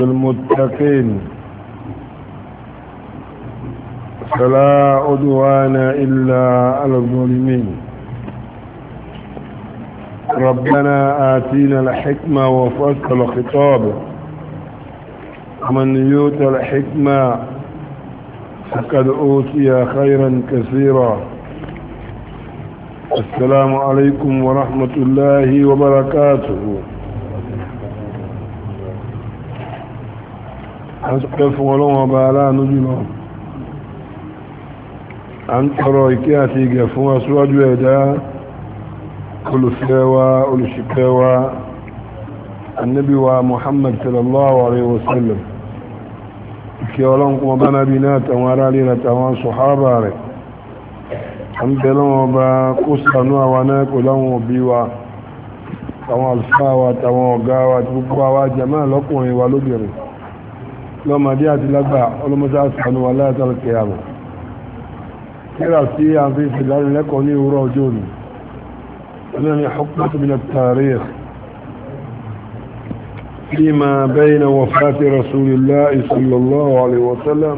بالمتقين فلا عدوان إلا على الظالمين ربنا آتينا الحكمة وفصل خطابه ومن يؤت الحكمة فقد أوتي خيرا كثيرا السلام عليكم ورحمة الله وبركاته a ń sọ́kẹ́ fún ọlọ́wọ́n ọba aláàánú jùlọ a ń tọrọ ìkẹ́ àti ìgẹ̀ fún aṣíwájú ẹ̀dá olùfẹ́ wa olùṣìkẹ́ wa annabi wa muhammad sallallahu alaihi wasallam ìkẹ́ ọlọ́run kún ọba nábi náà tàwọn ará lè na tàwọn sọ̀hábà rẹ̀ a ń bẹ lọ́wọ́n ọba kó sànú àwa náà pẹ̀lú àwọn òbí wa àwọn àlùfáà wa tàwọn ọ̀gá wa àti gbogbo àwa jàmáà lọ́kùnrin wa lóbìnrin لما جاءت الأربع ولما جاءت سبحانه ولا يترى القيامة كيرا سيئا في فلان لكوني وروجوني أنني حكمت من التاريخ فيما بين وفاة رسول الله صلى الله عليه وسلم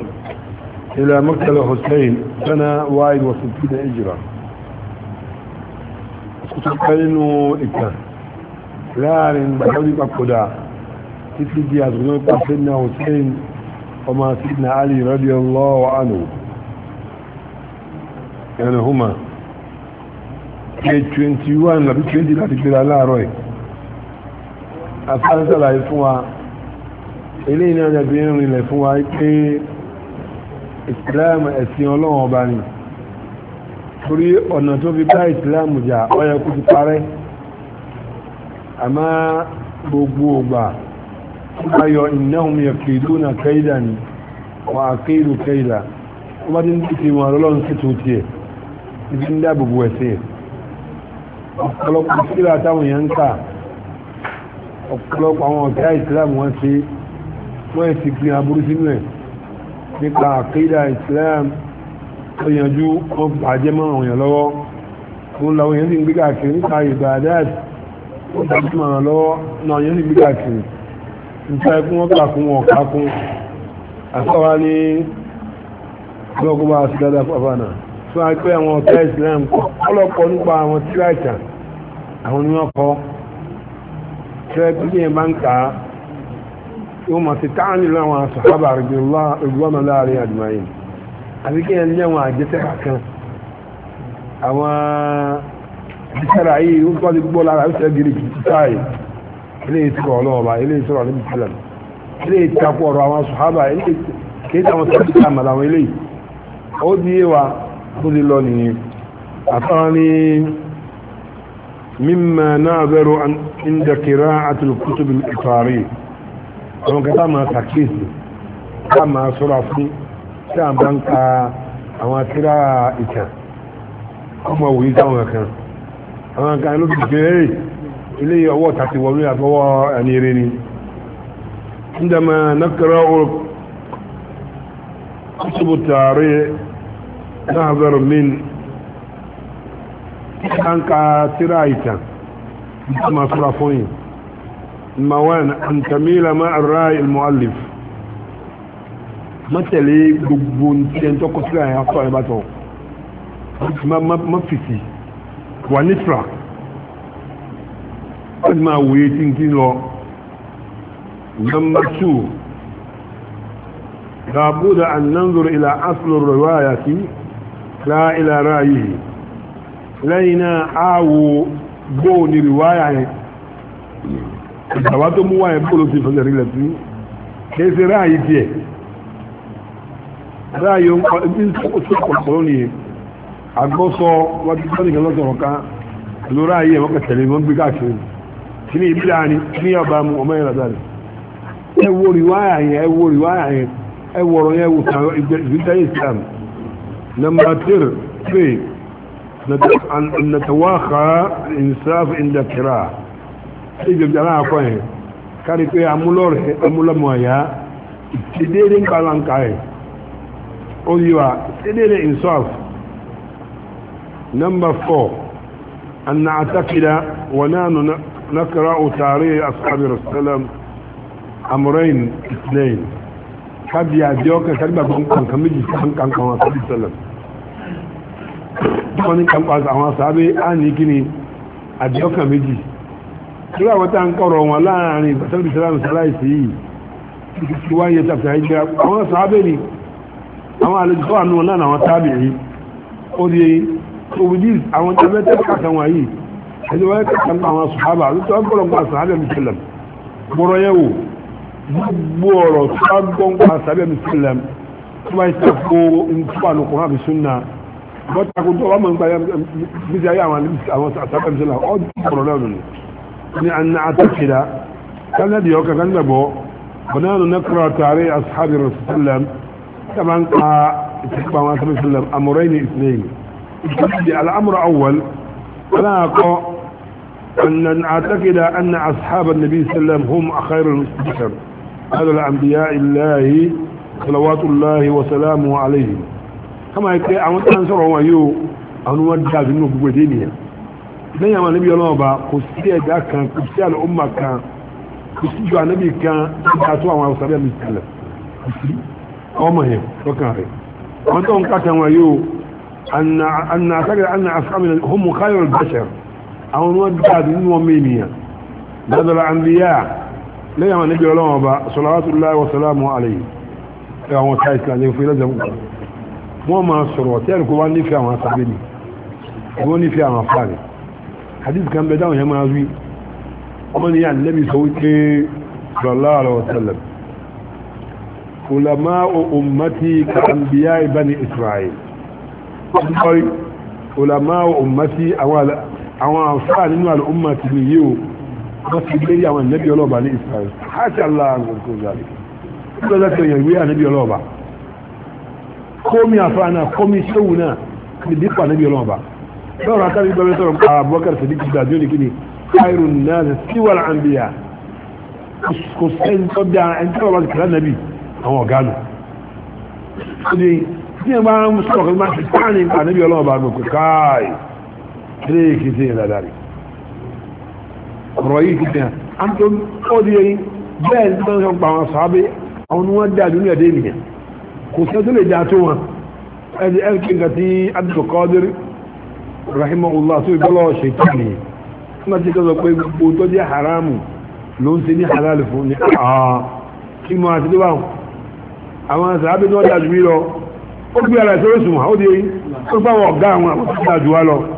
إلى مقتل حسين سنة وايد وستين إجرة كنت أقول إنه إكتر لا لن بحضر títí di àtúnwé pàṣẹ náà hussein ọmọ sidna ali radiyallahu anhu ẹnu huma ẹ 21 àbí 20 láti gbéra láàárọ̀ ẹ̀ afárí sàlàyé fún wa ilé iná jẹ́bi ìrìn lẹ̀ fún wa pé ìsìláàmù ẹ̀sìn ọlọ́run ọba ni torí ọ̀nà tó fi bá ìsìláàmù jà ó yẹ ti parẹ́ àmọ́ gbogbo ògbà ayọ̀ ìnáhùn yẹ kìdú na kaida ni wà kéèdù kaida wọ́n bá ti ń tètè wọn lọ́lọ́run sí tó tiẹ̀ ibi ń dáàbò bò ẹ̀sẹ̀ ọ̀pọ̀lọpọ̀ síra táwọn èèyàn ń kà ọ̀pọ̀lọpọ̀ àwọn ọ̀gá ìsìláàmù wọn ṣe wọ́n ti gbin aburú sínú ẹ̀ nípa àkéèdà ìsìláàmù tó yanjú wọn bàjẹ́ mọ́ àwọn èèyàn lọ́wọ́ òun làwọn èèyàn sì ń gbé káàkiri nípa ìbàdàd ó bàjẹ́ mọ́ àwọn lọ́wọ́ náà èèyàn ń gbé káàkiri nǹkan ẹkún wọn kà kún wọn kà kún àfáwá ní ọlọ́kùn bá sí dáadáa fàfànà tí wọ́n pẹ́ àwọn ọ̀tá Islam ọlọ́pọ̀ nípa àwọn tíráìtà àwọn ni wọ́n kọ́ tẹ́ẹ̀kú ní ẹ̀bá ń kà á yóò máa ti táà nílò àwọn àṣàkábà rẹ̀gbọ́nà láàrin àdìmáyé àti kí ẹ̀ ní àwọn àjẹsára kan àwọn àjẹsára yìí ó tọ́ ti gbọ́ lára ó sẹ́ gírí kìí eléyìí sọ̀rọ̀ ọlọ́ọ̀ba eléyìí sọ̀rọ̀ alẹ́ bìtìlẹ̀ eléyìí takò ọ̀rọ̀ àwọn sùhábà eléyìí kéde àwọn sọ̀rọ̀ ìta àmàlà àwọn eléyìí ó di yé wa tó di lọ nìyẹn àtàrà ni mímọ náà bẹ̀rù ìndẹ̀kìrá àti kùtùbù ìtàrí àwọn kẹta máa sàkíyèsí ká máa sọ̀rọ̀ fún tí a ilé ọwọ́ tàti wọ́n ní àfọwọ́ ẹni rí ni ndàmà nàkàrà kùtùbù tààrí náàzọrọ min kanka tírà ìtàn ndàmà sọ́ra fún yìí mawan an tamila ma ar-ra'i al-mu'allif mọ́tẹ̀lé gbogbo tẹ́ntọ́kọ̀tìlá yẹn afọ́ ẹ̀bátọ̀ ma fìtì wà nífra wọ́n ti máa wòye tí n kí lọ number two لابد أن ننظر إلى أصل الرواية لا إلى رأيه لينا أو بون رواية ìgbàwátó mú wáyé bóòlù sí fún ẹ̀rí lẹ́tí kìí sí ráàyè díẹ̀ ráàyè ń kọ́ ibi tó kọ̀ọ̀kọ̀ọ́ ni àgbọ́sọ wájú tó nìkan lọ́sọ̀rọ̀ ká ló ráàyè wọ́n kẹtẹ̀lé gbé káàkiri kìíní ìbílẹ̀ àní ní ọba mu ọmọ yẹn lọ́dọ̀ rẹ̀ ẹ wo rìwáyà yẹn ẹ wo rìwáyà yẹn ẹ wọ̀rọ̀ yẹn wò tàn ìgbésẹ̀ islam number three nàtàwákà ìnsáf ìndàkìrà ìjọba aláàkọ́ yẹn kárí pé amúlọ́rẹ̀ amúlọ́mọ̀ àyà ń kàlà ń kà ẹ̀ ó yí wa ìdílé ìnsáf number four an نقرأ تاريخ أصحاب الرسول أمرين اثنين قد يعديوك كلمة بأمكان كم يجي كان كما صلى الله عليه وسلم wọ́n kàn pa àwọn sàábé á ní kí ni àdíọ́kà méjì tí wọ́n tán kọ̀rọ̀ wọn láàrin ìbátẹ́lẹ̀ ìsìláàmù sàláìsì yìí tí wọ́n yẹ tàbí àìjẹ́ àwọn sàábé ni àwọn àlejò àánú wọn náà àwọn sàábé yìí ó di òwúdí àwọn tẹ́lẹ̀tẹ́lẹ̀ kàkàwọn yìí ẹjọ́ wáyé kẹta nínú àwọn sàhábà ló tó gbọ́dọ̀ gba sàhábà mi sílẹ̀ gbọ́dọ̀ yẹ wò gbogbo ọ̀rọ̀ tó bá gbọ́ gba sàhábà mi sílẹ̀ tó bá yẹ kó nípa lókun àbí súnà bọ́tà kó tó wà mọ̀ nípa bíi ayé àwọn sàhábà mi sílẹ̀ ọ́ gbọ́dọ̀ náà lónìí ni àná àtàkìlá kánádì ọkà kánádàbọ̀ bọ̀nánù nàkúrà tààrí àsàhábà rẹ̀ sílẹ̀ kama ń ka ìtìkpa wọn sàhábà sílẹ̀ àmúrẹ́ni ìsìlẹ̀ yìí الأمر أول أنا أقول أن نعتقد أن أصحاب النبي صلى الله عليه وسلم هم خير البشر هذا الأنبياء الله صلوات الله وسلامه عليهم كما يكي أمد أنصرهم أيو أن ودع في النبوة دينيا لن يما نبي الله با قسية دا كان قسية الأمة كان قسية النبي كان تأتوا عن صلى الله عليه وسلم أمه هي وكان هي وانتهم كاتم أيو أن أن أعتقد أن أصحاب هم خير البشر àwọn wọn dáadé nínú ọmọ ènìyàn dáadára àndíyà lẹ́yìn àwọn níbi ọlọ́wọ́ ọba sọlọ́wọ́túláwọ́ wasalamu alayhi àwọn ọ̀tá ìsìlá ní ìfẹ́ lọ́jọ́ mọ́kànlá wọ́n máa sọ̀rọ̀ tí ẹ̀rù kó wá nífẹ̀ẹ́ àwọn asábẹ́ ni wọ́n nífẹ̀ẹ́ àwọn afáàrẹ̀ hadith kan bẹ dáwọn yẹn máa wí ọmọ ni yàn lẹ́bi sọ wípé àwọn àfáà nínú àlùmọ́ ti lè yé o wọ́n ti gbé rí àwọn ìnẹ́bí ọlọ́ọ̀bà ní Israel àti aláàgbọ̀n tó zàlẹ̀ nígbà tó tẹ̀yẹ̀ ìwé ànẹ́bí ọlọ́ọ̀bà kómi àfáà náà kómi ṣéwù náà ní dípò ànẹ́bí ọlọ́ọ̀bà lọ́rọ̀ akárí bẹ́ẹ̀ sọ̀rọ̀ pa Abubakar Sadiq gbàdúrà ní kíni káìrò náà sí wà láǹbíyà kò sẹ́ni tó bí ara ẹni tó eléyìí kìí ṣe ìlànà rẹ̀ ọ̀rọ̀ yìí ti dàn án tó ó di ẹyin bẹ́ẹ̀ ní tó ń sọ pa àwọn sàábé àwọn ni wọ́n dá dúnlẹ̀ dé ènìyàn kò sẹ́ tó lè dá tó wọn ẹni ẹ̀kí nǹkan tí Abdul Qadir rahimahullah tó ìgbọ́lọ̀ ṣètò nìyí wọ́n ti kọ́ sọ pé gbogbo tó jẹ́ haramu ló ń ṣe ní halal fún ah, ni àà kí mo àti tó wọn àwọn sàábé tí wọ́n dá jù lọ ó gbé ara ìṣòro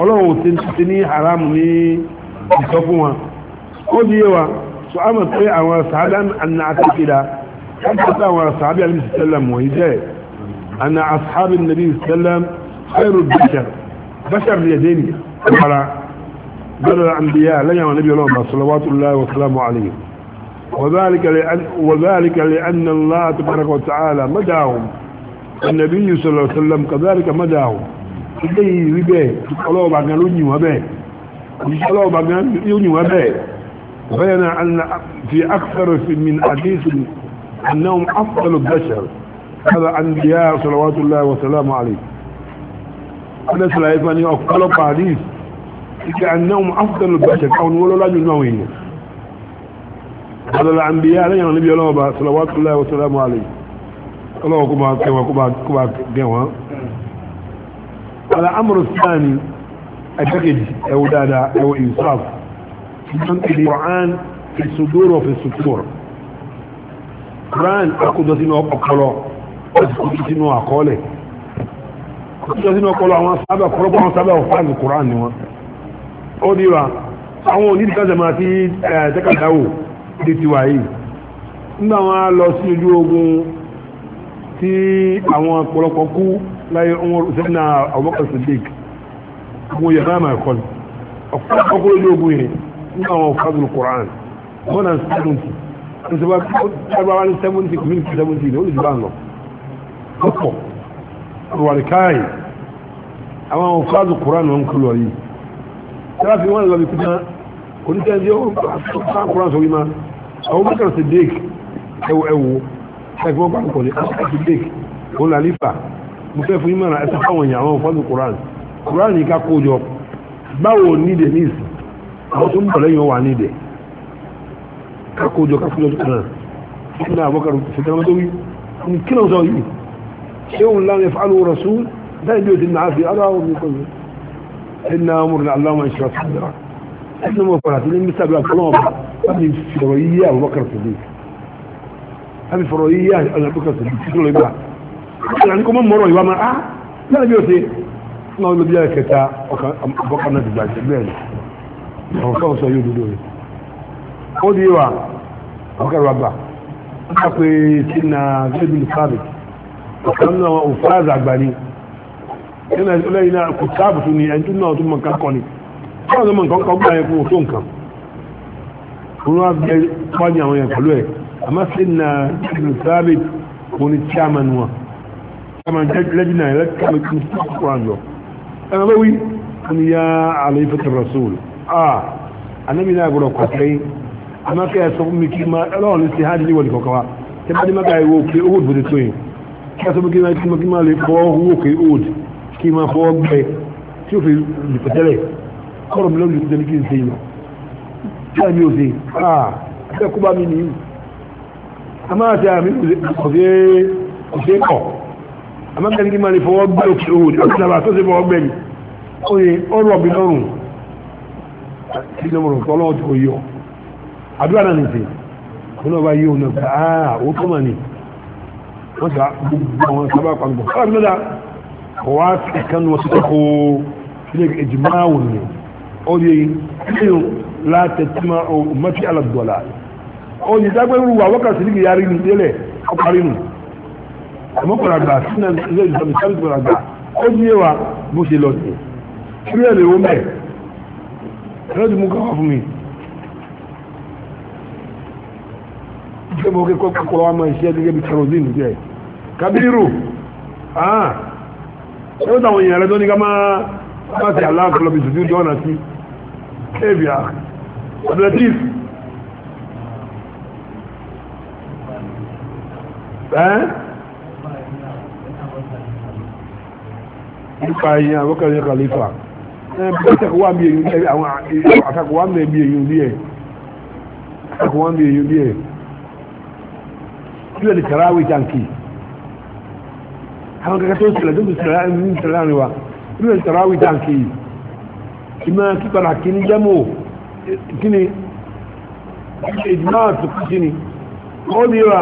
ọlọ́run ti ti ní haramu ní ìsọ fún wa ó di yé wa so a mọ̀ pé àwọn sàábẹ́ àna àtàkìdá wọ́n ti sọ àwọn sàábẹ́ àlùmí sẹ́lẹ̀m wọ̀nyí jẹ́ àna àsàábẹ́ nàbí sẹ́lẹ̀m khairu bashar bashar lè dé ní ọ̀pára gbọ́dọ̀ àmbíyá lẹ́yìn àwọn nàbí ọlọ́run bá salawatullahi wa salamu alayhi وذلك لأن وذلك لأن الله تبارك وتعالى مداهم النبي صلى الله عليه وسلم كذلك مداهم ilé yìí rí bẹ́ẹ̀ ọlọ́ọ̀bà gan ló yìn wọ́n bẹ́ẹ̀ òṣìṣẹ́ ọlọ́ọ̀bà gan ló yìn wọ́n bẹ́ẹ̀ bẹ́ẹ̀ na fi akẹ́rọ̀ sí min àdéhùn anáwọn afẹ́lú bẹ́ṣẹ̀rẹ̀ kára àndìyà sọ̀rọ̀wátúlá wasalamu alẹ́ ọdẹ sọ̀rọ̀ ayé fani ọ̀pọ̀lọ̀ paris ìkẹ́ anáwọn afẹ́lú bẹ́ṣẹ̀ káwọn wọlọ́lájú náà الله وسلامه عليه الله كما كما كما كما الأمر الثاني أجد أودادا أو إنصاف من القرآن في الصدور وفي السطور القرآن أقود سنو أقوله أقود سنو أقوله أقود سنو أقوله أقوله أصحابه أقوله أصحابه أفعال القرآن نوا أودي با àwọn òní ìkájẹ máa ti ẹ̀ẹ́dẹ́kàdáwò lè ti wà yìí nígbà wọn lọ sí ojú ogun tí àwọn ọ̀pọ̀lọpọ̀ kú láyé umar usaina abubakar sadiq mo yẹ máa máa kọlu ọkùnrin ní ogun yẹn ní àwọn ọkùnrin quran one and seventy ní sọ bá tábàá ní seventy community seventy ní olùdíbà ń lọ ọ̀pọ̀ àwàríkáì àwọn ọkùnrin quran wọn kú lọ yìí tẹ́láfì wọn lọ bí kúta oníṣẹ́ ní ọkùnrin quran sọ wíma abubakar sadiq ẹwọ ẹwọ ẹgbọn pàtàkì ọkùnrin sadiq òun làlífà mo fẹ́ fún ìmọ̀ràn ẹ̀sẹ̀ fáwọn èèyàn àwọn fọ́nù koran koran ní ká kó jọ báwo nídẹ̀ ní ìsìn àwọn tó ń bọ̀ lẹ́yìn wà nídẹ̀ ká kó jọ ká kó jọ tó kàn án ní àbọ̀kàrù fìtẹ́rẹ́ tó wí ní kí náà sọ yìí ṣé òun lánàá fún alùpùpù rẹ̀ sún dáì bí o ti nàá fi aláwọ̀ mi kọ́ yìí ẹ̀ aláwọ̀ máa ń ṣe ìlànà kọ́ mọ́ mọ́rọ̀ ìwà máa á lẹ́nà bí ó ṣe náà ló bí ẹ̀kẹta ọkọ̀ náà ti gbà jẹ́ bẹ́ẹ̀ ni ọ̀rọ̀ sọ̀rọ̀ sọ yóò dúdú rẹ̀ ó di wa ọkọ̀ rẹ̀ bá a pé tí na gẹ́gẹ́ sábì ọ̀kan náà òfúráàzà àgbà ni nínú ẹlẹ́yìn náà kò sáàbù tún ni ẹni tún náà tún mọ̀ nǹkan kọ́ ni báwọn ọmọ nǹkan kọ́ gbà yẹn fún òtó nǹkan òun wá bẹ wájú àwọn yẹn pẹ̀lú ẹ̀ àmọ́ sí na gẹ́gẹ́ sábì òun ni chairman wọn kama lẹ́jìnà ẹlẹ́kàmì kí ní kúrán jọ ẹ̀rọ lówí ní yá àlẹ́fẹ́tẹ̀ rasul ah anábì náà gbọ́dọ̀ kọ̀kẹ́ amákẹ́ ẹ̀sọ́ mi kí ma ẹlọ́run ní sí hajj níwọ̀n kọ̀kọ́wá tí bá ní mẹ́ta ìwò òkè owó ìbòdì tó yìí kí ẹ̀sọ́ mi kí ma kí ma lè fọ́ owó òkè owó kí ma fọ́ gbẹ tí ó fi lùpẹ̀tẹ́lẹ̀ kọ́rọ̀ mi lọ́rùn ìtẹ́lẹ̀ kí n ṣe yìí kí ẹ̀mí ò ṣe ah ẹ̀kú bá mi nìyí amáàtẹ́ àmì kò ṣe amẹ́kẹ́ni kí máa lè fọwọ́ gbé òkè òhùn àtìlábà tó sì fọwọ́ gbé ní oye ọrọ̀ bí lọ́rùn tí ló mọ̀rọ̀ tọ́lọ́ tó yọ àdúrà náà nìsí wọn bá yí òun náà àà ó tó mà ní wọ́n sá gbogbo àwọn sábà pàgbọ̀ sábà gbọ́dá wá ìkànnì wọn títọ́ kó ilé ìjìmá wò ní oye kíyàn láti tímá mọ́tí alàdọ́là oye dágbẹ́rù wà wọ́kà sí ní yàrí ní délẹ̀ ọparí nù àmọ́kùnrin àgbà sínú ilé ìjọba ìsẹ́lẹ̀kùnrin àgbà ó ní ẹwà bó ṣe lọ sí kí ẹ lè wọ́n mẹ́ ẹ̀rọ ti mú kọ́kọ́ fún mi ṣé mo kẹ́kọ́ kọ́kọ́ wa máa ṣiṣẹ́ gẹ́gẹ́ bí kerosene jẹ́ kabiru ah ẹ̀rọ táwọn èèyàn rẹ̀ tó ní ká máa bá ti aláàkọlọ bí tuntun dọ́nà sí kébìà abdulatif ẹ́ nípa ẹ̀yìn àwọ́kẹ̀rẹ̀ kàlífà àtàkùwà mi èyí bí ẹ̀ kí lè kàráwì jàǹkì àwọn kẹ́kẹ́ tó sílẹ̀ tó sílẹ̀ láàrin wa kí lè kàráwì jàǹkì ìmọ̀ kíkọ̀rà kí ní jẹ́mù kí ni ìdìmọ̀ àtùkú kí ni ó ní wa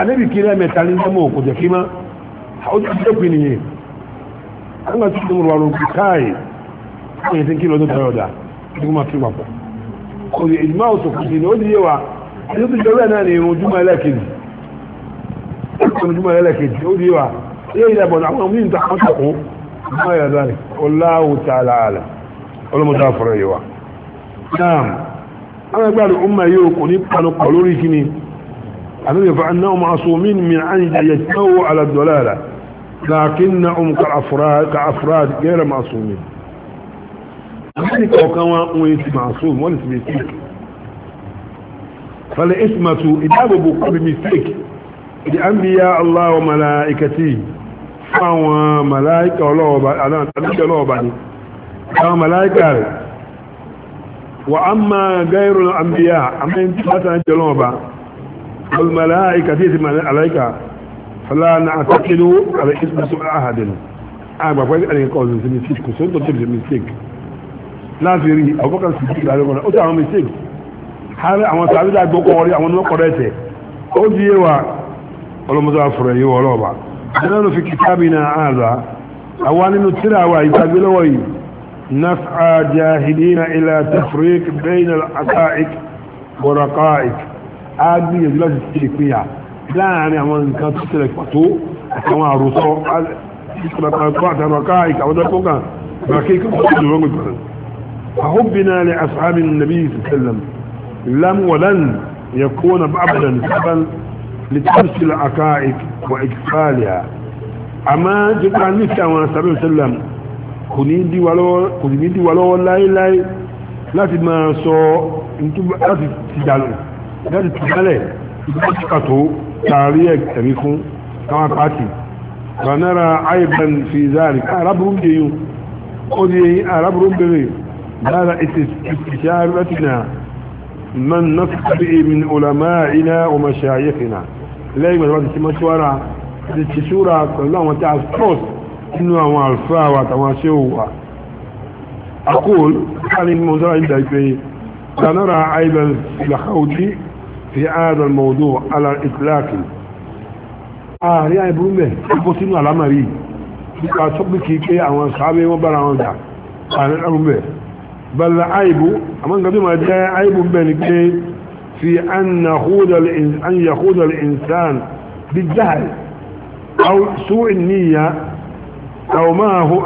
ànẹ́bì kí lẹ́mẹ̀ta ní jẹ́mù kò jẹ́ kí má ó jẹ́ pín nìyẹn ana ci da murwaro kai ko yin kilo da tayo da kuma fi mabba ko yi ijma'u to kudi ne wani yawa sai su jawaya na ne mu juma'a lakin mu juma'a lakin wani yawa sai da bon amma mun ta hanta ko ma ya zalik wallahu ta'ala ala wala mudafara yawa na'am ana gba لكنهم كأفراد كأفراد غير معصومين يعني كوكوا ويت معصوم ولا ميستيك فالإسمة إجابة بميستيك لأنبياء الله وملائكته فهو ملائكة ولوبة أنا أنبياء لوبة فهو ملائكة وأما غير الأنبياء أما أنت لا تنجي لوبة والملائكة ملائكة فلا نعتقد على اسم سوء أحد أنا بقول أنا يقول مستيك كسون تجيب مستيك لا تري أو بقى مستيك لا يقول أنت عم مستيك هذا عم تعبد على بقوري عم نقرأته أو ديوا ولا مزافر يو ولا بعض نحن في كتابنا هذا أولا نترى وعيباب لوي نسعى جاهدين إلى تفريق بين العقائق ورقائق هذه يجلس التشريك فيها láàrin àwọn nǹkan tó tẹ̀lẹ̀ pàtó àtàwọn àròsọ àtàwọn àtàwọn àká ìkàwọn tó kàn bàkí ìkàwọn tó dùn lọ́gbìn kan àhóbìnà lè asàmì nàbí ìsìtẹ̀lẹ̀m lámwọ̀lán yẹ kóna bàbàdà nìkan لتمثل عقائق وإكفالها أما جدا نفسي أولا صلى الله عليه وسلم كنين دي ولو لاي لاي láti máa sọ láti ti dànù láti ti dálẹ̀ ìgbàtí kàtó tààrí ẹ̀rí fún káwọn pàtì gbanara aiban fi zari arábùrún dè yìí ó di yìí arábùrún bèrè dára ìtìṣàrẹ́tìnà man nafi min ulama'ina wa mashayikhina lẹ́yìn gbàdúrà ti ti mọ́ṣúwárà ti ti ṣúra pẹ̀lú àwọn tí a trust nínú àwọn àlùfáà wa àtàwọn aṣẹ́wò wa akóòl káàní mọ́ṣúwárà ìdàgbé aiban fi làkàwùdí في هذا الموضوع على الإطلاق آه rí àìbúrú mẹ́ ẹgbọ́ sínú àlámàrí nípa tọ́pìkì pé àwọn sàábé wọ́n bára wọn jà àìbúrú mẹ́ bẹ̀rẹ̀ àìbú àmọ́ nǹkan tó máa jẹ́ àìbú mẹ́ ni pé fi an yàkódà l'insan bí jáàì sú ìníyà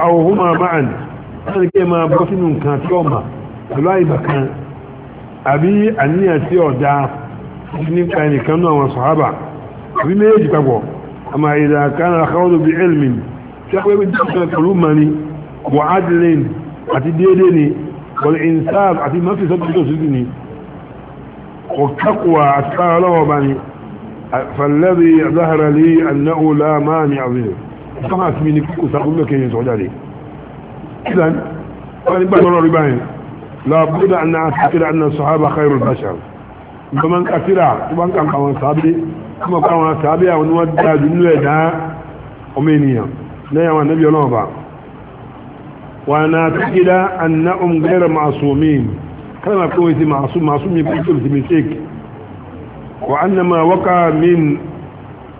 àwòhúnmá máàn láti kí máa bọ́ sínú nǹkan tí ọmọ pẹ̀lú àìbà kan àbí àníyàn tí ọ̀dá nípa ẹnìkan náà wọn sọ̀hábà àbí méjì papọ̀ àmà ìdá kanáà àkọọ́dọ̀ bí elmin tí a pẹ́ bí dákẹ́ pẹ̀lú mani wà adìlẹ́n àti déédéé ni wọ̀lẹ̀ insaaf àti mọ́fíìsọ́tò sídì ni ọ̀tàkùwà àti sára lọ́wọ́ bá ni fàlẹ́bí àdáhàrà lé annáwó láàmáà ni àwìn ìfọ́n àti mi ni kókò sàkóbẹ̀ kẹyìn sọ́jà lè kíláà nígbà tó rọrí báyìí làbúdà àná àti kíláà àná sọ̀hábà khairul bashar gbọmọ nkàfíra tó bá ń kà àwọn sàábé kọmọ kọ àwọn sàábé àwọn níwọ̀n dáadù nílò ẹ̀dá ọmọ ènìyàn lẹ́yìn àwọn anábì ọlọ́wọ́ bá wà ná tàkídá àná ọmọgẹ́rẹ̀ màsùmín kálá máa kọ́wé sí màsùm màsùm yìí pé kí mistake wà á nàmà wọ́kà min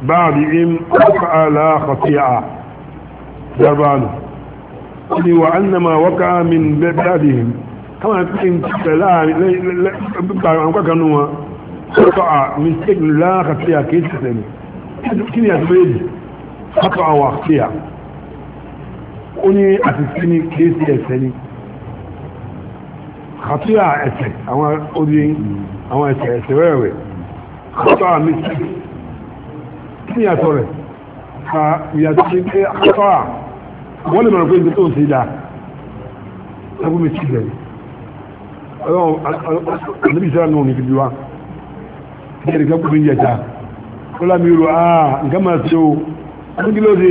báàbí im ọkà àlà kọfíà darbanu wà á nàmà wọ́kà min bẹ́ẹ̀ káwọn pín pẹ̀ láàrin gbígbà àwọn kankanú wọn sọ́tọ̀ à mistake láàkàtí à kìí ṣẹ̀ṣẹ̀ ni kí ni àti méjì sọ́tọ̀ àwọn àti à ó ní àti sí ni kìí ṣe ẹ̀ṣẹ̀ ni kàtí à ẹ̀ṣẹ̀ àwọn odi àwọn ẹ̀ṣẹ̀ ẹ̀ṣẹ̀ wẹ́rẹ̀wẹ̀ sọ́tọ̀ à mistake kí ni àtọ̀ rẹ̀ ka ìyàtọ̀ sí pé àtọ̀ à wọ́n lè mọ̀ pé ibi tó ń ṣe dáa ẹgbẹ́ ti bẹ̀rẹ̀ annabi sara náà ní ibi wa ní ẹ̀rí kan kúrò ní ẹ̀ta ó lámì rò áà nǹkan máa ṣe o wọ́n kí ló ṣe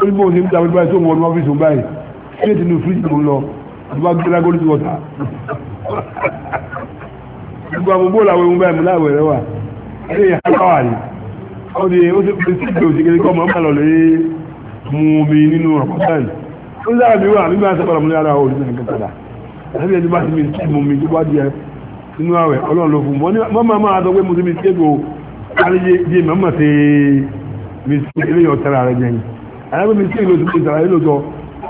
ó ní bóun ṣe ń ta wípé báyìí tó ń wọ́n ní ọ́fíìsì báyìí sílẹ̀ tí ní fíríjì tó ń lọ àti bá gbéra gólítì wọ́ta gbogbo àwọn bóòlù àwọn ohun báyìí mú láwẹ̀ rẹ wà ẹ̀rí ìhàkáwà ni ó di ó ti pèsè ìgbè òṣèkèrè kọ́ mọ́ ẹ̀sẹ̀ ẹni bá ti mi tí mo mi tó bá di ẹ sínú àwẹ̀ ọlọ́run ló fún mọ́ ní mọ́mọ́ máa sọ pé mo ti mi tí èkó káríyé bí èmi ọmọ ṣe mi sí eléyìí ọ̀tẹ̀ rẹ̀ jẹ́ yìí àyàgbé mi sí èlò tó ti sàlàyé lóòótọ́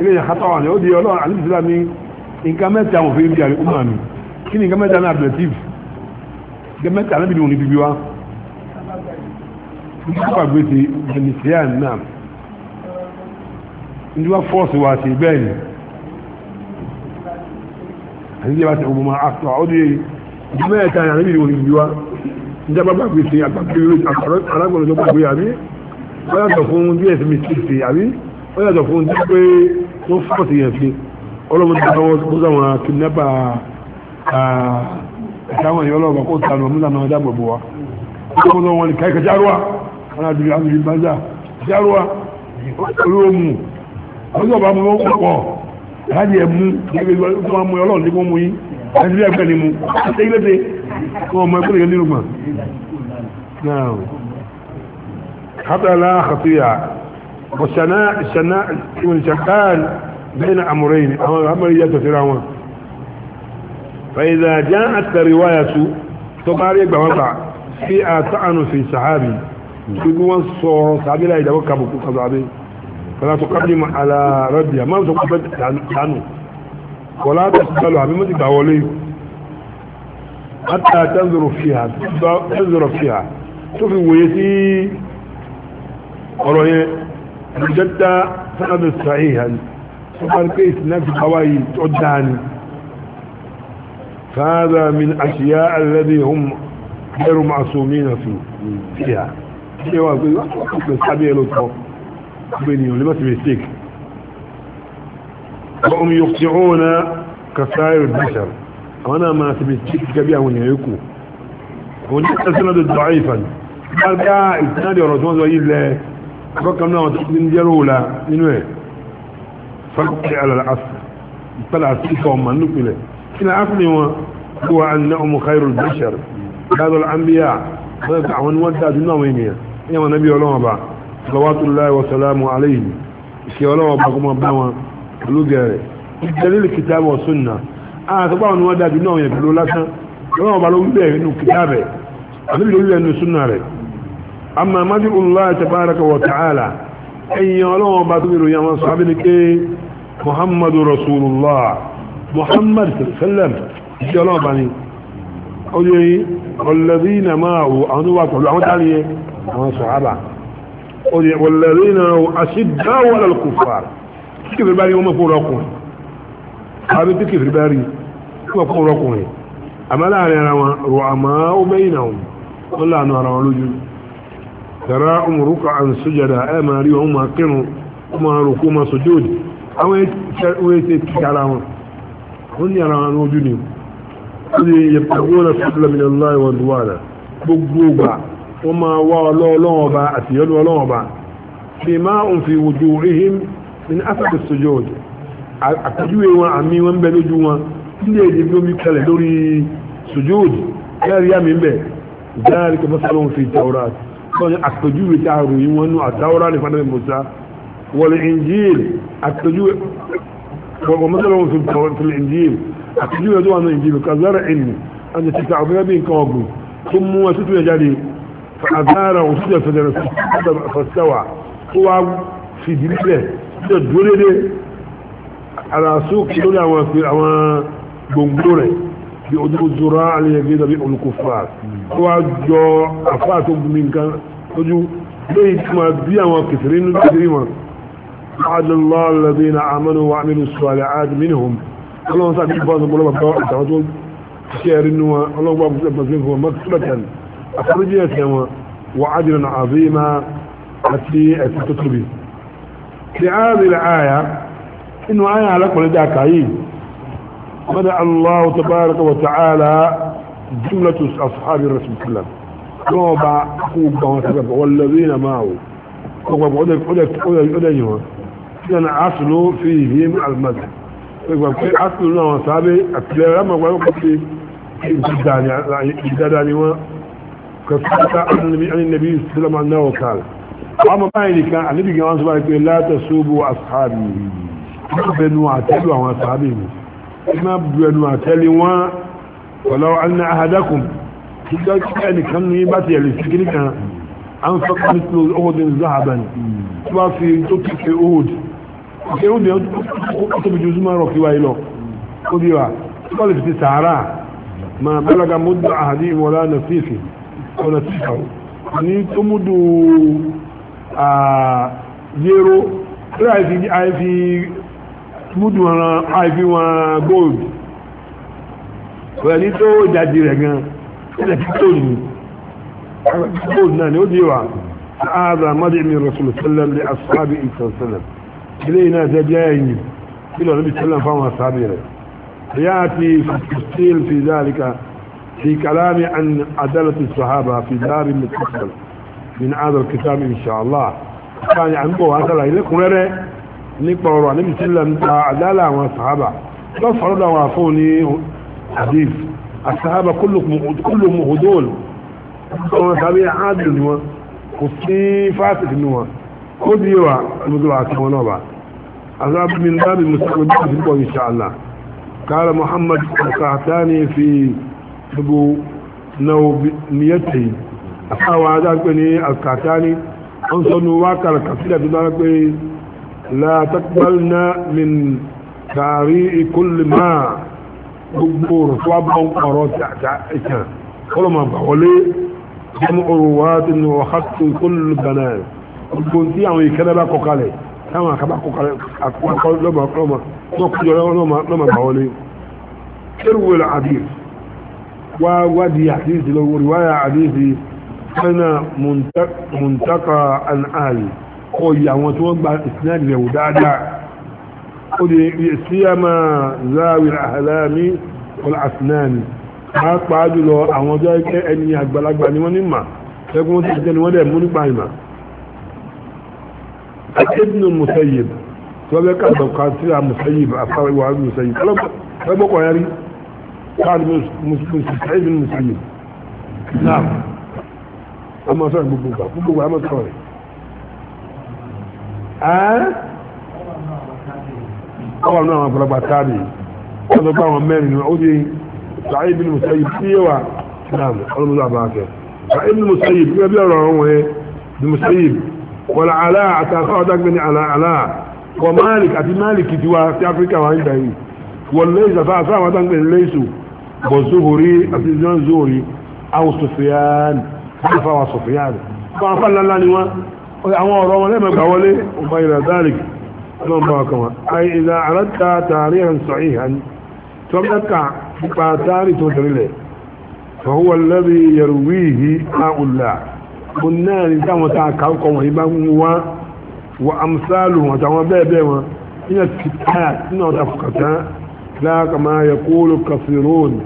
eléyìí àkátọ́ wà ní ó di ọlọ́run àlejò sílá mi nǹkan mẹ́ta mo fi ń di àríkú màmí kí ni nǹkan mẹ́ta náà abdulatif nǹkan mẹ́ta àti ìjọba ti ọmọ máa àtọ ọdún yìí ìjọba ẹ̀ ta àrẹ́bí ìwọ̀n ìbí wa ìjọba bá gbèsè alágbọ̀n tó gbàgbé àbí wọ́n yàtọ̀ fún dsm tìsì àbí wọ́n yàtọ̀ fún tí pé wọ́n fọ́ọ̀tì yẹn fi ọlọ́mọdé àwọn tó sáwọn kìnnẹ́pà ìtàwọn ìyọ́ lọ́wọ́ kó sànù ọmọdé àwọn adábọ̀ bọ̀ wa wọ́n tó wọn ni káyíkà járúwà wọn á dùn àdùn ìbájá járúwà olóòmù ọjọ́ bá mọ́ wọ́n láti ẹ̀ mú gẹ́gẹ́ tó máa mú ọlọ́run ní kó mú yín ẹni bí ẹgbẹ́ ni mú ṣe ilé ṣe kó ọmọ ẹgbẹ́ nìkan nínú gbọ̀n. hátàlá àkàtúyà ọ̀ṣàná ìṣàná ìṣàkáàn bẹ́ẹ̀ ni àmúrẹ́ yìí àwọn àmúrẹ́ yìí yàtọ̀ síra wọn. fàyìdà já àtàrí wáyà tú tó bá rí gbàwọ́n gbà sí àtàánù fi sàhábì gbogbo wọn sọ̀rọ̀ sàbí láì kàbùkù kàbùkù فلا تقدم على ربها ما تقدم عنه ولا تسألوا عمما تدعو لي حتى تنظر فيها تنظر فيها تفي ويتي قرأي مجدة سند صحيحا سبحان كيس ناس قوائي تعداني فهذا من أشياء الذي هم غير معصومين فيها فيها فيها فيها فيها فيها فيها فيها فيها فيها فيها فيها فيها بني ولما تبيستيك وهم يقطعون كسائر البشر وانا ما تبيستيك كبيع ونعيكو ونحن سند ضعيفا قال بقى السند يا رجوان زي الله فكرنا وتقدم جلولة من وين فقطع على العصر طلع سيكا وما نقل إلى عصر هو أنهم خير البشر هذا الأنبياء هذا دعوان ودى دنوين يا نبي الله بقى salawatullahi wa salamu alayhi ìṣe ọlọ́wọ́ bá kó máa bá wọn pẹ̀lú gẹ̀rẹ̀ ìdẹ́lẹ́lì kìtàbù wa sunna àtọ́gbà wọn ni wọ́n dájú náà yẹn pẹ̀lú lásán ọlọ́wọ́ bá ló ń bẹ̀ nínú kìtàbẹ̀ àbíbi lórí ẹnu sunna rẹ̀ amma madhullahi tabaraka wa ta'ala ẹ̀yìn ọlọ́wọ́ bá tó bẹ̀rù yẹn wọn sọ abẹ́ni pé rasulullah muhammad sallam ìṣe ọlọ́wọ́ bá ní ọlọ́dí na máa wò àwọn tó wà pẹ̀lú والذين أشداء على الكفار كيف الباري هم فورقون هذا كيف الباري هم فورقون أما لا نرى رعماء بينهم ولا نرى لجل تراهم ركعا سجدا أما ريهم قنوا وما ركوما سجود أما يتكي على هم هم يرى لجلهم يبتغون فضلا من الله وانوانا بقبوبا wọ́n máa wá ọlọ́ọ̀lọ́wọ́ ọba àti yọ́nú ọlọ́wọ́ ọba bí máa ń fi wùjú ríhìm ní afẹ́kù sojod àpèjúwe wọn àmì wọn bẹ lójú wọn nílé èdè bí omi kalẹ̀ lórí sojod kẹ́rì àmì bẹ̀ dáàrí kẹfẹ́ sọlọ́n fi tàwọ́rà sọ́ni àpèjúwe tí a ròyìn wọn nú àtàwọ́rà ní fanabi musa wọlé injil àpèjúwe wọ́n mọ́sọ́lọ́n fi tàwọ́rà injil àpèjúwe tó wà ní injil kazara ẹni àti فأذانا وسجد فجر فاستوى هو في دليله سجد دولده على سوق لنا وفي gbòngbòrè bí ojú zura aliyẹ̀gbé dàbí olùkùfà tó wá jọ afá tó gbùmí nǹkan lójú lóyìn tí ma bí àwọn kìtìrí nínú kìtìrí wọn adàlọ́ lẹ́bí na àmọ́nù wa amínú sọ̀rọ̀ adìmínihùn ọlọ́run sáà bí bọ́ọ̀sì gbọ́lọ́bà bọ́ ìtàwọn tó ṣe rí nínú wọn ọlọ́run bá bùsùn ẹ̀bùn fún wọn mọ́tò أخرجي أتكلم وعدلا عظيما التي تتطلبين لعاذ الآية إنه آية على كل داكاين بدأ الله تبارك وتعالى جملة أصحاب الرسول صلى الله عليه وسلم وما بعقوب والذين معه وقف عدك عدك عدك عدك عدك كان عصل فيهم المدح يقول في عصل الله وصابه أكلا لما قلت في إمتداني كفاك عن النبي صلى الله عليه وسلم أنه قال أما باينك النبي كان سبحانه يقول لا تسوبوا أصحابي بنوا أتلوا وأصحابهم ما بنوا أتلوا ولو أن أحدكم كذلك يعني كان يباتي لسكرك أنفق مثل أهد ذهبا ما في تطفي أهد أهد يطفي جزء ما روكي وإله قدوا قال في سعراء ما بلغ مد أحدهم ولا نصيفهم ọ̀nà tí kàwọ́ ní tó múdù yẹ́rọ tí àìfi múdù wọn àìfi wọn gold pẹ̀lú tó ìdájì rẹ̀ gan ilẹ̀ tí tó ní gold náà ni ó díwà ààbà mọ́dé mi rọ̀sùlù sẹ́lẹ̀m lé asáàbì ìtàn sẹ́lẹ̀m ilé iná jẹ́ jẹ́ ẹ̀yìn ilọ̀ níbi sẹ́lẹ̀m fáwọn asáàbì rẹ̀ yáà ti fàtìsíl fi dáríkà في كلامي عن عدالة الصحابة في دار المتصل من هذا الكتاب إن شاء الله كان عنده هذا لكم ونرى نقبل عن النبي صلى عدالة والصحابة لا صحابة وعفوني حديث الصحابة كلهم كلهم هدول كلهم صحابين عادل نوا وصفات نوا خذ يوا المدلعة ونوبة أصحاب من باب المستقبل إن شاء الله قال محمد القحتاني في gbogbo naobiyate àwọn adágbé ní alkatani an sọ́nu wákà alkatila tó dára pé látàkbalna min kàrí ìkúlù máa gbogbo rọ̀fọ́ bọ́n ọ̀rọ̀ ìtàn kọlọ̀mà bà wọlé jẹ́mù òrùwá tí ní wàhátù ìkúlù bàná gbogbo tí àwọn ìkẹ́lẹ́ bá kọkalẹ̀ táwọn àkàbà kọkalẹ̀ àkọ́kọ́ lọ́mà bà wọlé kẹrù wẹ̀lẹ̀ àdìs وودي حديث لو رواية حديث أنا منتقى عن آلي قوي وتوقع إسناد له دادا قولي سيما زاوي الأهلام والأسنان pàápàá jùlọ àwọn ọjọ́ ikẹ́ ẹni àgbàlagbà ni wọ́n ní mà lẹ́gbọ́n wọ́n ti jẹ́ ni wọ́n dẹ̀ mú nípa ìmà akéjìnà Musayyib tí wọ́n bẹ́ kàtàkà sí àmùsẹ́yìb àfáwẹ́wà Musayyib lọ́gbọ́kọ̀ yẹn rí قال مستعيد من المسلمين نعم أما صار ببوكا ببوكا اما صار اه اول ما بربع تابي هذا بقى مين يعودي سعيد بن المسيب ايوه نعم اول ما بعد سعيد بن المسيب ما بيعرفوا هو المسيب والعلاء تعرفوا من على علاء ومالك ابي مالك جوا في افريقيا وين بعيد والليس فاصا ما تنقل ليسوا والزهري أبن الزهري أو سفيان حلف وسفيان فقال الله نوا أو روى لما قولي وغير ذلك اللهم كما أي إذا أردت تاريخا صحيحا تبقى تاريخ تدري فهو الذي يرويه هؤلاء قلنا لكم وتعكوكم وإمامه وأمثالهم وتعمل بيه بيه من الكتاب إنه تفقتها لا ما يقول كثيرون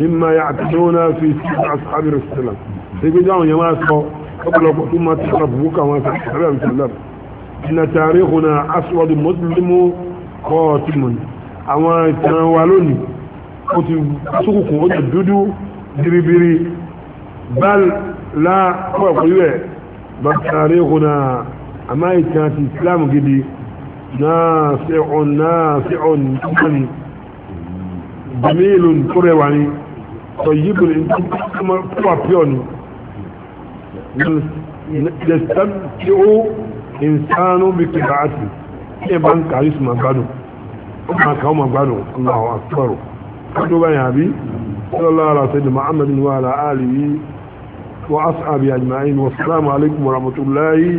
مما يعتدون في سيد أصحاب رسول الله سيقول جاءوا يا ماسكو قبل ثم تصرفوك وما تسلم إن تاريخنا أسود مسلم قاتم أما تنوالوني قلت أسوكم قلت دودو بريبري بل لا قوة بل تاريخنا أما يتناتي إسلام قدي ناسع ناسع ناسع jamilun tó rẹwà ni tọ̀yíbùn pàpíọ̀nù lẹ́sàn tí ó ìsánú bí kí bá ti kí ẹ bá ń kàrí sí màgbádù ó máa kàó màgbádù Allahu akbar kájú báyìí àbí sallallahu ala sayyidina Muhammadin wa ala alihi wa ashabi ajma'in wa assalamu alaikum wa rahmatullahi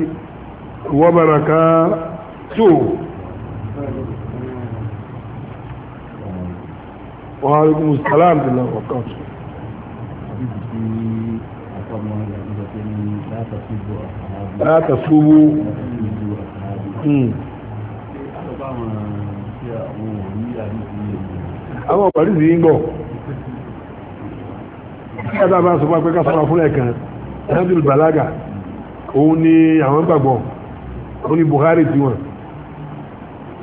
wa barakatuh wàhálùkùn sàlám dìlà wàkàtù. láta ṣubú àwọn pàrí sí ń gbọ́ kí ẹ̀dá bá sọ pé ká sọ́ra fún ẹ̀kan ẹ̀dùn balaga òun ni àwọn gbàgbọ́ òun ni Buhari tiwọn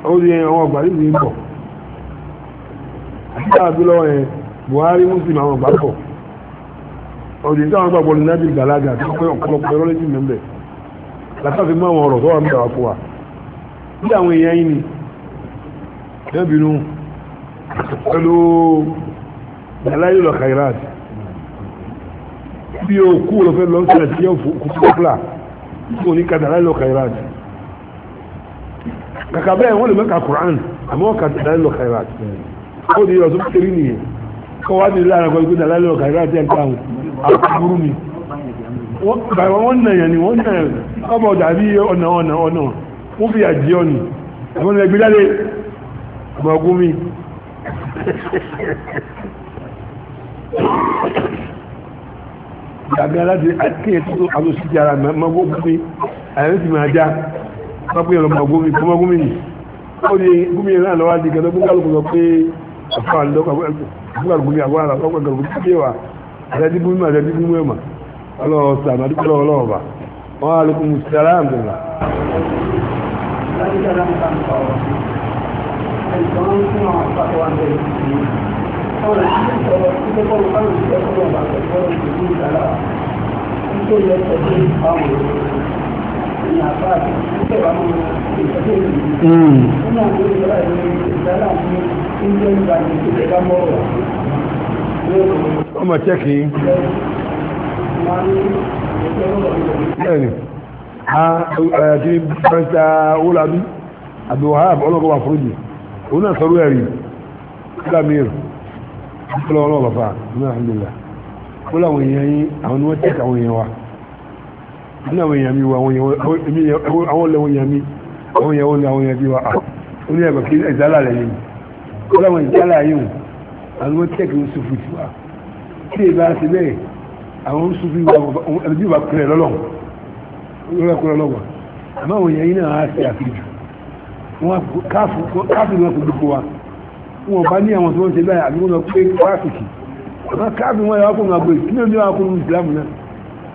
ó ní àwọn pàrí sí ń gbọ́ àbíkà àbílọ́ ẹ̀ buhari muslim àwọn gbàgbọ́ ọ̀dẹ̀ tí àwọn gbàgbọ́ ní nábì gàlágà tí wọ́n pẹ́ ọ̀pọ̀lọpọ̀ ẹ̀rọ lẹ́jì mẹ́mbẹ̀ látàfi mọ́ àwọn ọ̀rọ̀ tó wà nígbà fún wa bí àwọn èèyàn yìí ni ẹbìnú pẹ̀lú gàláyé lọ kairat bí o kú olùfẹ́ lọ sílẹ̀ tí yóò kú pọ́pùlà tí o ní ka gàláyé lọ kairat kàkà bẹ́ẹ̀ wọ́n lè mẹ́ka Qur'an àmọ́ ka gàláyé lọ kairat ó di ọ̀tún kiri nìyẹn kọ́ wá ní lára kọ́ ìgbésẹ̀ alálẹ́ ọ̀kà ìrà àti ẹ̀ka àwọn àbúrú ni bàbá wọn nàyàn ni wọn nàyàn ọmọ ọ̀dà bí ọ̀nà ọ̀nà ọ̀nà wọn fi àjẹ ọ̀nì àwọn ọ̀nà ẹgbẹ́ jáde ọmọ ọgún mi gbàgbé aláde akéè tó àlòsí ti ara mọ́gbógun mi àyẹ̀wò ti máa já wọ́n pè é lọ́mọ ọgún mi kọ́mọ́gún mi ni ó di gúmi náà lọ́wọ́ akwai gargumi akwai ala akwai gargumi cewa adadi bu ma adadi bu ma Allah sa ma duk Allah Allah ba wa alaikum assalam dinna Thank you. Hmm. ọmọ chẹ́kì ẹni àti pẹ́ntà wúlàbí àbúwàháb ọlọ́gọ́wà fúrújì òun náà sọ̀rọ̀ ẹ̀rí ìlàmìíràn ọlọ́ọ̀lọ́ọ̀lọ́fà náà hàndùlá wọ́n láwọn èèyàn yí àwọn ni wọ́n chẹ́kì wa ní àwọn èèyàn mi wọ àwọn lẹ́wọ̀n èèyàn mi àwọn èèyàn wọn ni àwọn èèyàn bí wa ó ní ẹ̀gbọ́n kí ìjálà rẹ̀ yìí ó láwọn ìjálà yìí àwọn wọ́n tẹ́kì ń sùfù tiwa tí èyí bá ṣe bẹ́ẹ̀ àwọn sùfù ẹbí wa kúrẹ̀ lọ́lọ́wọ́ lọ́wọ́ kúrẹ̀ lọ́wọ́ àmọ́ àwọn èèyàn yìí náà á ṣe àfihàn wọn káàfù wọn kò dúpọ̀ wa wọn bá ní àwọn tí wọ́n ṣe báyìí àbí wọn lọ pé káàfù kì àwọn káàfù wọn yà wá kó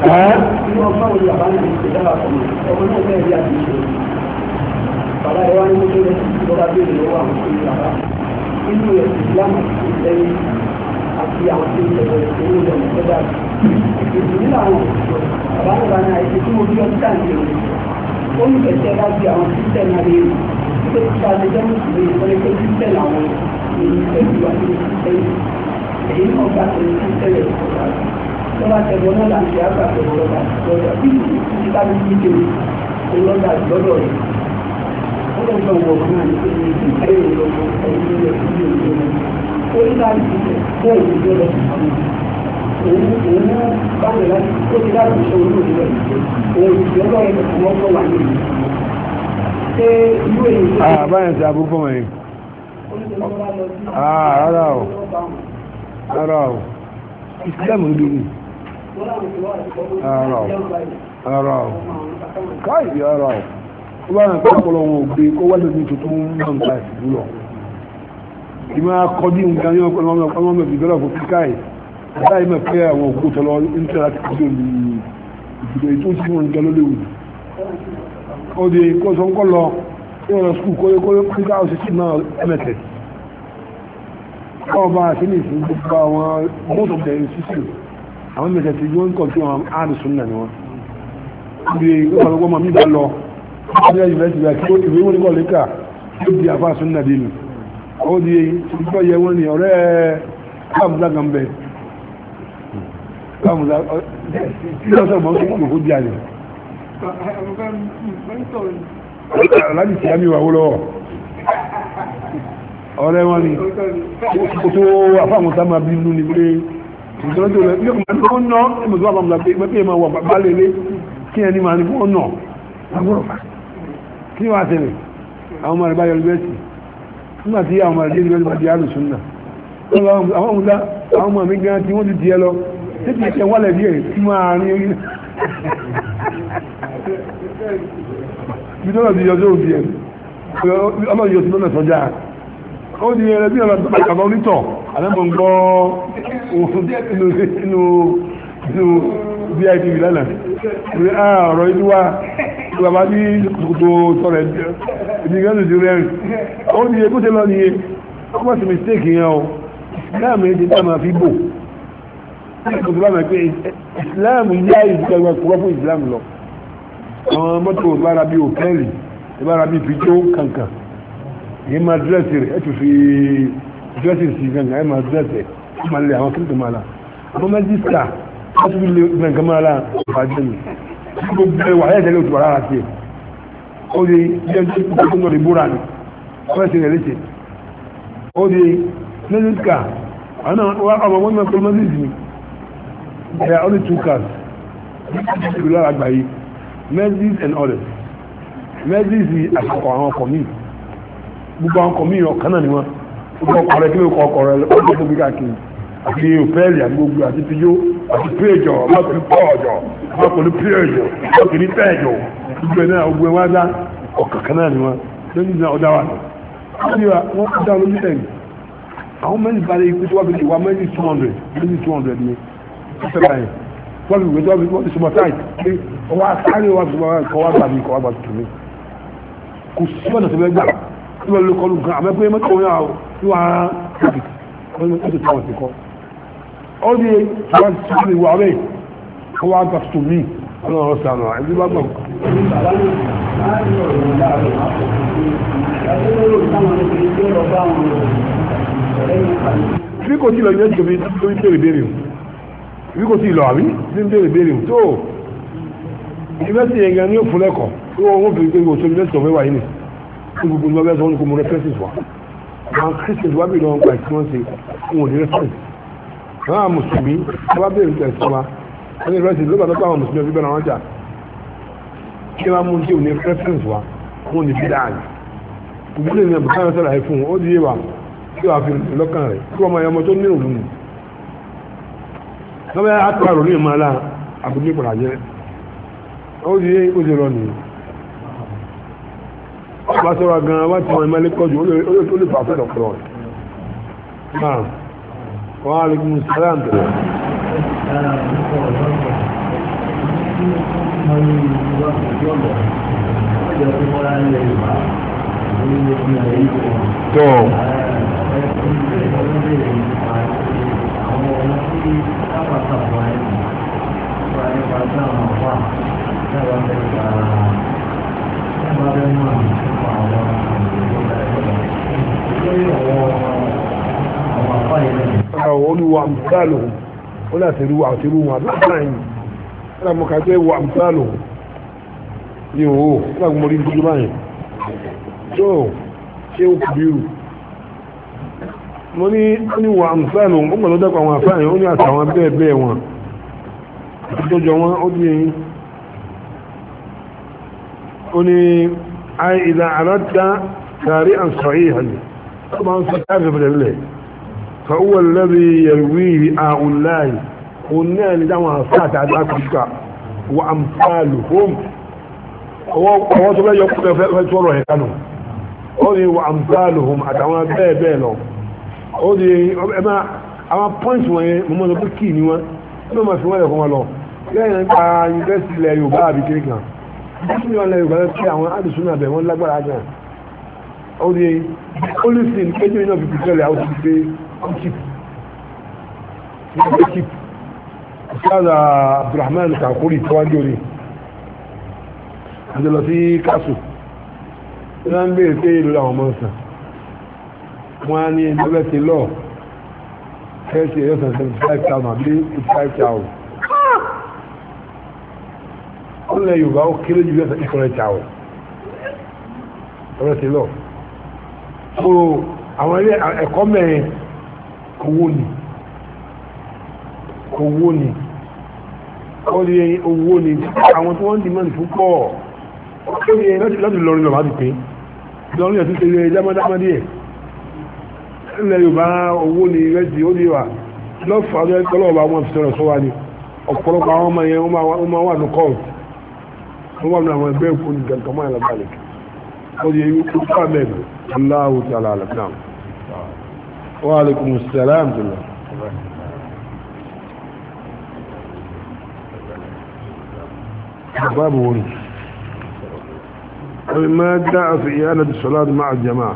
Bàbá ẹ̀ wá ní mọ́tò rẹ̀ lọ́ba bí ènìyàn wà ní ìlú bàbá. Nínú rẹ̀ ìsìlámù ìlẹ́yìn àti àwọn tí ó tẹ̀lé ìlú ìlú ìjọba. Ìdílé àwọn bàbá ẹ̀ bá ní àìsí tí mo bí ọdún tàǹtì rẹ̀. Ó ní kẹ̀kẹ́ bá bí àwọn kírísítẹ̀ náà lè rí. Ó ti ta àtẹjọ́ mùsùlùmí ìfọ́nẹ́kẹ́ kírísítẹ̀ làwọn ènìyàn tẹ̀lé wá sí ìlú. tẹ̀gbọ́n láti àgbà tẹ̀gbọ́n lọ́dà lọ́dà bí i ah, bá mi ah, ìsìlẹ̀mù ń bí mi ara ọ̀ ara ọ̀ káyìí ara ọ̀ ó bá nàá kọ́kọ́ lọ́wọ́ ògbé kó wá lóbi tuntun náà nǹkan ìlú lọ ìmọ̀ akọ́dí nǹkan yóò kọ́ ọmọ mi bìbẹ́rẹ̀ fún kíkáyì láì mọ̀ pé àwọn òkú tọ́lọ́ nítorí àti kúrò ní ìdìbò ètò tí wọ́n ń jẹ́ ló léwu ó di kó sọ ń kọ́ lọ sí ọ̀rọ̀ skul kó kó kíkà ó sì sí náà ẹ̀mẹ̀tẹ̀ káwọn bá a sí ní ìsìn gbogbo àwọn mọ́tò bẹ̀rẹ̀ sísè àwọn mẹ́ta ti yóò ń kọ̀ tí wọ́n áàrùn súnà ni wọ́n bí wọ́n gbọ́mọ mi bá lọ ní yunifásitì àti ìwé wọn kọ̀ lẹ́kà ó di àfa súnà dínú ó di ìgbọ́ yẹ wọn ni ọ̀rẹ́ káàmùsá kan bẹ̀ káàmùsá ọ̀sán mọ́ sí kò di àlè. aláàbì tí a mi wà wó lọ́wọ́ ọ̀rẹ́ wọn ni kó tó àfa àmọ́sá máa bí nínú ni pé ìjọ́jọ́ rẹ̀ yóò máa tó ná ìmọ̀tò àbámọ̀lá pé pé máa wà bá lélé kí ẹni máa ní fún ọ̀nà agbọ́rọ̀fà kí wàá tẹ̀lé àwọn ọmọ rẹ̀ bá yọrí bẹ́ẹ̀sì nígbà tí àwọn ọmọ rẹ̀ débi bá di àlùsùn náà àwọn ọmọdá àwọn ọmọ mi gan tí wọ́n ti tiẹ̀ lọ títí ìṣẹ̀ wálẹ̀ díẹ̀ tí máa rí orí ibi tó lọ sí òbí ẹ̀ ọlọ́yọ̀ sí lọ́nà sọ́jà ó ní ẹrẹ́ bí ọ̀rọ̀ àgbà onítọ̀ àlẹ́mọ̀ ń gbọ́ ohun inú vip lánàá ní ọ̀rọ̀ inú wa bàbá ní gbogbo sọ̀rọ̀ ẹ̀dí gánà ti rẹ́rìn ó ní ebú tẹ́ lọ nìyẹn ó bá ti mistake yẹn o islam yẹn ti dá máa fi bò ó ti bá máa pé islam yá ìgbàgbà kúrọ́ fún islam lọ àwọn mọ́tò ìbára bíi òtẹ́ẹ̀lì ìbára bíi fíjó kankan yìí máa dírẹ́sì rẹ̀ ẹ̀tù fi dírẹ́sì sí gangan ẹ̀ máa dírẹ́sì ẹ̀ ó máa lè àwọn kíríkì máa la àmọ́ mẹ́jísítà láti fi lè gbẹ̀ǹkan máa la ìbàjẹ́ mi gbogbo ẹwà ayé ìtẹ́lẹ̀ òtù rárá sí ẹ̀ ó di ilé ẹjọ́ tó kọ́ lórí búra ni fẹ́ẹ̀sì rẹ̀ léṣe ó di mẹ́jísítà àwọn ọmọ wọn máa kọ́ mẹ́jísì mi there are only two cars mẹ́jísì and others mẹ́jísì àkọ́kọ́ àwọn ọkọ̀ míì gbogbo àwọn kọ̀mí ọ̀kan náà ni wọ́n gbogbo ọkọ̀ rẹ̀ kí ló kọ ọkọ̀ rẹ̀ lọ́dún tó gbé káàkiri àti òpẹ́ẹ̀lì àgbogbo àti tijó àti péjọ ọlọ́pìn pọ́ọ̀jọ ọlọ́pìn péjọ ọlọ́pìn péjọ gbogbo náà gbogbo wọn dá ọ̀kan náà ni wọ́n lónìí náà ọ̀dá wà wọ́n dá lórí ẹ̀yìn àwọn mẹ́rin balẹ̀ ikú tí wọ́n fi wà mẹ́rin two hundred mẹ́rin two hundred ni ọ̀sẹ̀ báyìí wọ́n fi wọ́n fi wọ́n fi sọmọ táì pé ọwọ́ àtàrí wọn fi sọmọ kọ́wá gbà mí kọ́wá tí wọ́n lè kọlu nǹkan àmọ́ pé mọ́tò wọn àwọn tí wọ́n á tàbí wọ́n ní mọ́tò táwọn ti kọ́ ó ní wọ́n ti sáré wà rẹ̀ kó wá gbà tó mí ọlọ́run sànù àìsí bá gbà. bí kò tí lọ yẹn jòmí tó ń bèrè o bí kò tí lọ àmì tó ń bèrè o tó ìrẹsì yẹn gan ni ó fún lẹ́kọ̀ọ́ tó wọ́n fi gbé ìwòsàn ìrẹsì ọ̀fẹ́ wáyé nìyí gbogbo ní ọgbẹ́ sọ́wọ́n kò mú references wá àwọn christians wá bèèrè wọn pa ìtí wọn ṣe wọn ò ní reference àwọn mùsùlùmí wá bèèrè nípa ẹ̀sìn wa wọn ní reference lóba tọ́pọ̀ àwọn mùsùlùmí ọbí bẹ̀rẹ̀ wọn jà kí wọ́n mú tí ò ní reference wá wọn ò ní bídà àyè gbogbo ní ìyẹn bùkárẹ̀ sọ̀rọ̀ àyè fún wọn ó di yé wa kí wàá fi lọ́kàn rẹ̀ kí wọ́n máa yọ ọmọ tó ní òlù mu lọ́bẹ̀ àtúrà rò ní ìmọ̀ bá sọ́ra gan wá tí wọ́n ń mẹ́lẹ́ kọjú ó lè fà fún ọ̀pọ̀ rẹ̀ náà wọ́n á rí mú tọ́ olùwà àmúkálò ó láti rí wà tí rú wọn láàárín alámọ́ka jẹ́ wà àmúkálò ní òwò lágbọ́n rí gbogbo báyìí tó ṣe ó kù bírù mo ní oníwà àmúkálò ó mọ̀ lọ́dọ́pọ̀ àwọn àfáàyàn ó ní àtàwọn bẹ́ẹ̀ bẹ́ẹ̀ wọn àti wọn ó dí eyín oni إذا أردت سارئا صحيحا طبعا ستعرف بالله فهو الذي يرويه آه الله قلنا لدعوة الساتة على أكبر وأمثالهم وقوات الله يقول فالتوره كانوا أولي وأمثالهم أدعوة بيه بيه لهم أولي أما أما بوينت وين ممن بكيني وين أما ما في وين يقول لهم لا ينقى ينقى سيلا يبابي كريكا ní ọ̀nà yorùbá pé àwọn àdùsúnà bẹ̀ wọ́n lágbára gan orí olùsìn kéjì náà fi pìtẹ́lẹ̀ àwọn ti pé kip ní kip ìsáàdà abdulrahman kankuri tọ́wájú rí àjọ lọ sí káàsù wọ́n ń béèrè pé ìlú làwọn ọmọ sàn wọ́n á ní ẹgbẹ́ ti lọ́ọ̀ kẹ́sì ẹ̀yọ́sàn 75,000 àbí 85,000 lẹ yorùbá ó kéré jù lẹsẹ ìkọlẹ ìta o ti lọ so àwọn ilé ẹ̀kọ́ mẹ́rin kò wó ni kò wó ni kọ́ ni owó ni àwọn tí wọ́n ń dìmọ̀ nìfún pọ̀ kéré láti lọrin lọ́wọ́ àti pé lọrin yẹn tún ṣe ilé dámadáma díẹ̀ ilẹ̀ yorùbá owó ni rẹ́sì ó ní wà lọ́fà ọjọ́ ìkọlọ́ọ̀bá wọn fi sọ̀rọ̀ sọ́wọ́ ni ọ̀pọ̀lọpọ̀ àwọn ọmọ yẹn wọ́n máa wà ní wọ́n wà ní àwọn ẹgbẹ́ ìkó ní gangan mọ́ ẹ̀lẹ́gbà lè ó di ewu kó fà mẹ́rin aláwò tí ala àlẹ́ náà wa alaikum salam jùlọ. báàbù wọn ni máa dá àfi ìyá àlẹ́ sọ́lá máa jama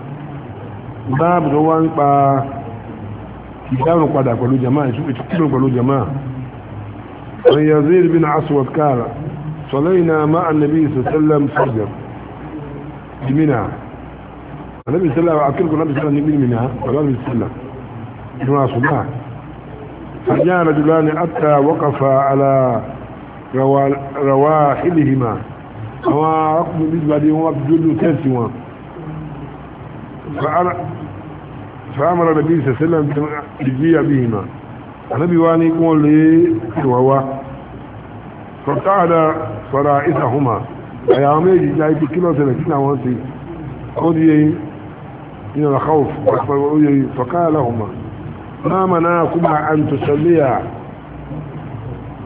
báàbù tó wá ń pa ìdáhùn padà pẹ̀lú jama ìtúkìlù pẹ̀lú jama. Yazid bin Aswad kala صلينا مع النبي صلى الله عليه وسلم فجر بمنى النبي صلى الله عليه وسلم النبي صلى الله عليه وسلم منها صلى الله عليه وسلم فجاء رجلان حتى وقف على رواحلهما هو رقم بالنسبة لي هو بجلد تاسوا فأمر النبي صلى الله عليه وسلم بالجيع بهما النبي واني يقول لي وهو إيه فابتعد فرائضهما ايامي جاي بكلو سنه كنا وانتي قولي ان الخوف فقال لهما ما مناكما ان تصليا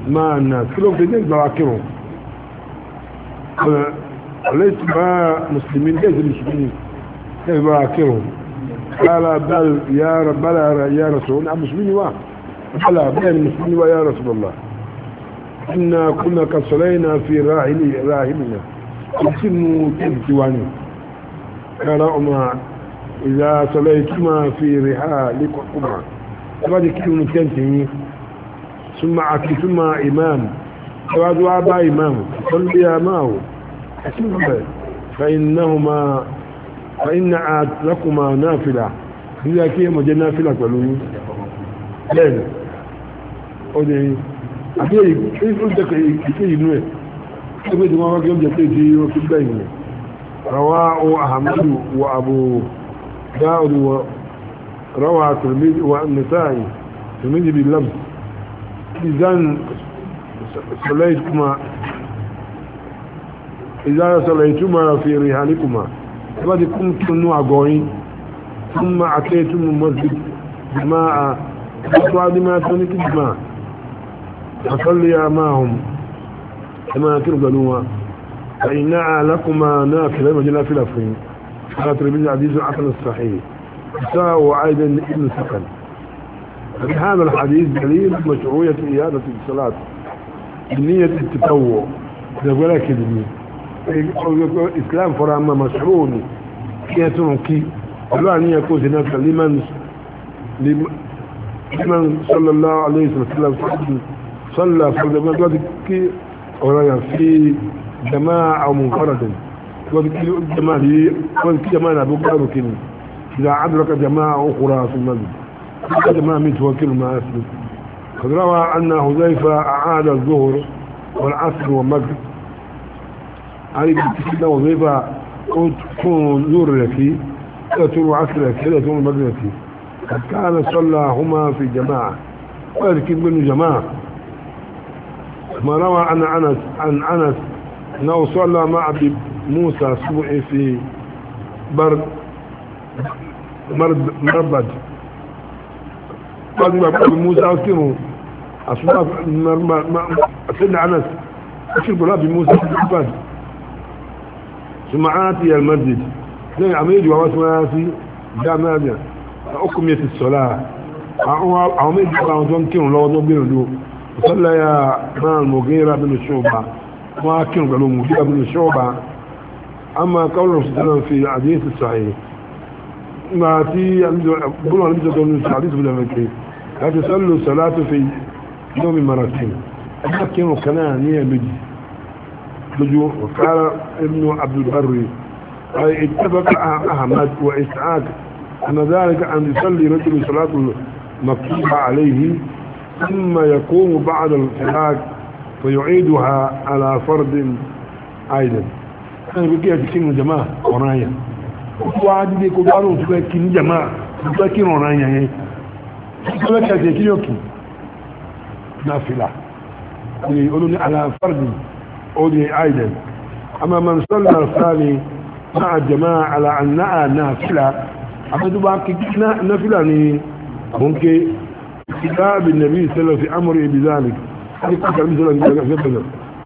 ما كلهم في بدين باكرو ليس ما مسلمين ليس مسلمين كيف باكرو قال بل يا رب بلا يا رسول المسلمين واحد بلا بين المسلمين ويا رسول الله إنا كنا كسلينا في راحل راحلنا اسمه تبتواني كرأما إذا سليتما في رحالكما بعد كلمة تنتهي ثم عكتما إمام بعد أبا إمام صليا معه فإنهما فإن عاد لكما نافلة إذا كي مجد نافلة قالوا لين أدعي àbí èyí ó jẹ́ kẹ́ inú ẹ̀ ẹgbẹ́ tí wọ́n wákẹ́ oúnjẹ péjì yóò fi gbẹ̀yìn rẹ̀ rawa o ahamadu wa abu da'ud wa rawa turmiji wa nisa'i turmiji bi lam izan salait kuma izan salait kuma fi rihani kuma ba ti kun tunu agoyin kuma a kai tunu masjid jima'a ba su adi ma tuni ki jima'a فصليا معهم كما ترجلوا فإنها لكما نافلة مجلة فلفين قال تربيز عزيز العقل الصحيح ساو أيضا ابن سكن في هذا الحديث دليل مشروعية إيادة الصلاة بنية التطوع قلت لك كلمة الإسلام فرامة مشروع كي تنكي ولا أن يكون هناك لمن لمن صلى الله عليه وسلم صلى فرد ما قد في جماعة منفردا قد كي جماعة دي كي جماعة نبوك قالوا كني إذا أدرك جماعة أخرى في المسجد جماعة متوكل ما أسلم قد روى أن حذيفة أعاد الظهر والعصر والمغرب علي بن تسلم وحذيفة تكون زور لك تكون عصر لك تكون مغرب لك كان صلى هما في جماعة ولكن منه جماعة ما روى عن أنس عن أنس أنه صلى مع أبي موسى سبعي في برد مربد مربد قد أبي موسى أكتمه أصلاف سيدنا أنس أشرب الله موسى مربد ثم آتي المسجد زي عميد وما اسمه جامعة أكمية الصلاة عميد وما اسمه كيرو لو أدو وصلى يا مع المغيرة بن الشعبة واكن قالوا المغيرة بن الشعبة أما قول رسول في الحديث الصحيح ما في قلوا عن مجد من الحديث بن المكي لا تصلوا صلاة في يوم مرتين لكن كان نية مجي مجو وقال ابن عبد البر أي اتفق أحمد وإسعاك أن ذلك أن يصلي رجل صلاة مكتوبة عليه ثم يقوم بعد الانحراك فيعيدها على فرد أيضا أنا بقول كيف كن جماعة قرايا واحد دي كبارو تقول كن جماعة تقول كن قرايا تقول كيف يوكي نافلة يقولون على فرد أولي أيضا أما من صلى الثاني مع الجماعة على أنها نافلة أما دبعك نافلة ممكن كتاب النبي صلى الله عليه وسلم في امره بذلك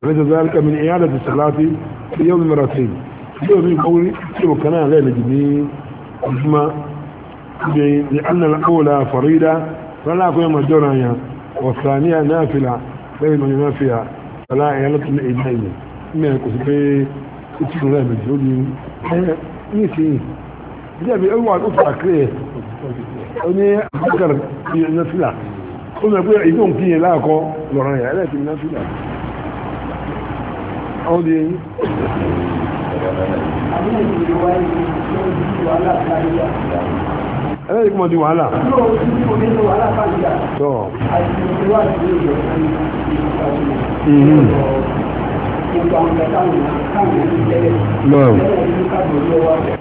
ليس ذلك من إعادة الصلاة في يوم مرتين يوم قولي كيلو كنا لا نجني ثم لأن الأولى فريدة فلا أكون يوم الجنة والثانية نافلة غير من نافلة فلا إعادة من إيدين ما يكون بي كتير لا مجهول نسي جابي أول أفعى كريه oní abúkàr yẹ nọ́fìlà ó sọ pé ìdó nǹkan yẹn láàkọ́ lọ́rọ̀ yẹn ẹlẹ́tì nọ́fìlà àwọn ọdún yẹn ẹlẹ́yìí kúmọ̀ di wàhálà. tọ́ mhm. lọ́wọ́.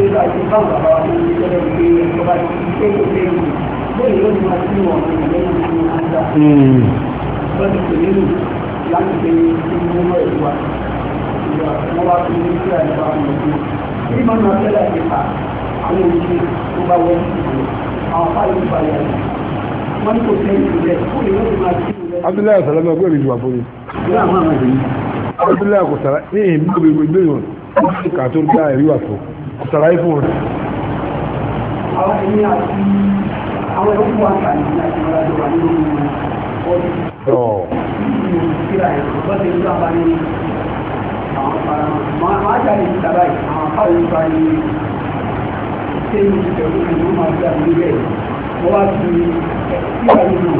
pé ṣe é ṣe é lóyè ló ti ní ìlẹ́yìn ní àjà lọ́dún tó nílò láti ṣe ìmúlò ìwà wọ́n wá sí ní ìṣẹ́ àìbá ọmọ ìlú bí máa ń lọ sẹ́lẹ̀ nípa àwọn òṣìṣẹ́ tó bá wọ́n ti ṣe àwọn fáyọ̀ ìbàlẹ̀ wọ́n ní kò sẹ́yìn ìṣẹ̀lẹ̀ Abdullahi Salama gbé ìrìnjú àfọyín. Abdullahi kò sara ní ìbí gbogbo ìgbéyàn kàtó ń ká ẹ̀rí wà fún ṣàlàyé fún wọn. àwọn ẹni àti àwọn ẹni wà kàní láti máa lọ wà nínú ọdún. ìlú ìlú ìlú ìlú àbáyé máa jáde ní ìtàlá yìí àwọn afáàlú bá ní ṣéyìn ìṣẹ̀lú ìlú máa fi àbúrú bẹ́ẹ̀ wọ́n wá sí kíkà nínú.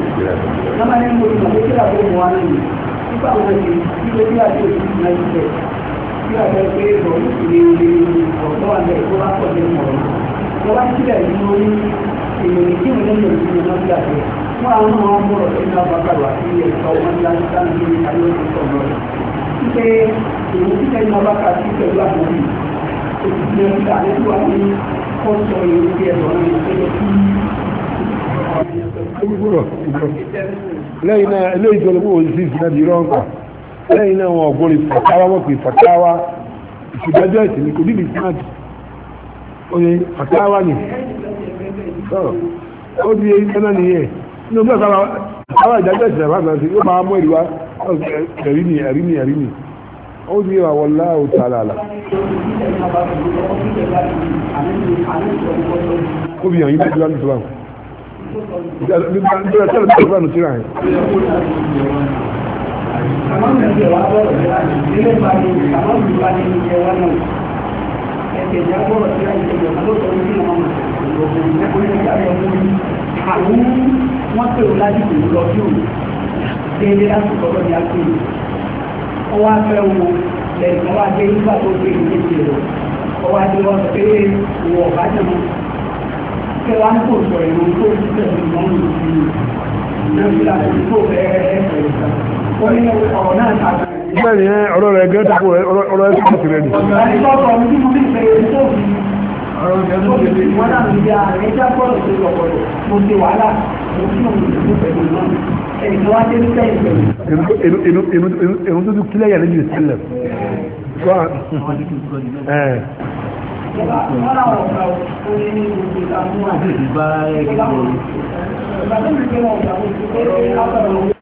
lọ́mọdé ń bọ̀ ìgbà pé kíkà tó wọ́n wá náà yìí kíkà wọn ti kíkà tí a ti òṣìṣẹ́ náà yìí bẹ́ẹ̀ tí ọ̀rẹ́ pé bọ̀ ní ọ̀dọ́ àlẹ́ tó bá pọ̀ lẹ́nu ọ̀rọ̀ tó bá sílẹ̀ nínú orí ìròyìn tí mo lẹ́nu òbí mi lọ́dún àti fún àwọn ọmọ ọmọ ọ̀rẹ́ ní abakàrọ̀ àti ẹ̀kọ́ wọn láti sáńdé ní ayé òkú sọ̀rọ̀ rẹ̀ wípé ìròyìn tí lẹ́nu abakàrọ̀ sí pẹ̀lú àkọ́bí òtún ní ọjà lẹ́nu wa ní kọ́sọ̀ ìròyìn tí ẹ̀rọ náà ń pẹ́ lẹ́yìn náà eléyìí tó lè kó òṣìṣẹ́ ìsinmi ìrọ̀ nǹkan lẹ́yìn náà wọn ọ̀gbọ́n ìfàkáwá wọ́n pè fàkáwá ìṣèdájọ́ ìsinmi kò níbi ìsinmi oye fàkáwá ni ó di eyín tẹ́lá nìyẹn nínú bí ọ̀sára àwọn ìdájọ́ ìsinmi àbáṣà sí yóò máa mú ìrìwá ẹ̀rí ni ẹ̀rí ni ẹ̀rí ni ó di ìwà wọlá òtà àlàlà ó fi hàn yín bẹ́ẹ̀ tí wọ́n ti sọ́wọ́n ìjọba ìjọba ìjọba ìjọba ìjọba ìjọba kamar da ke wa ba da ne ba ne kamar da ba ne ke wannan ke ya ko da ya ke da kamar da ne na mun ko ne ko ne ka ya mun ha mu mo te o la di ko lo ju de de la ko ko ya ku o wa fe o le ko wa de ba ko ke ni ti ro o wa de wa pe wo ba ta mu ke wa ko so e mo ko ti te mo ni ni na fi la ko ko e e e bẹ́ẹ̀ni ọ̀rọ̀ rẹ̀ gẹ́gẹ́ tó ọ̀rọ̀ ẹ̀ tó tẹ̀lé ni. Èrò tó tún kílẹ̀ yà lẹ́yìn ìsẹ́lẹ̀. Ẹ̀ẹ́.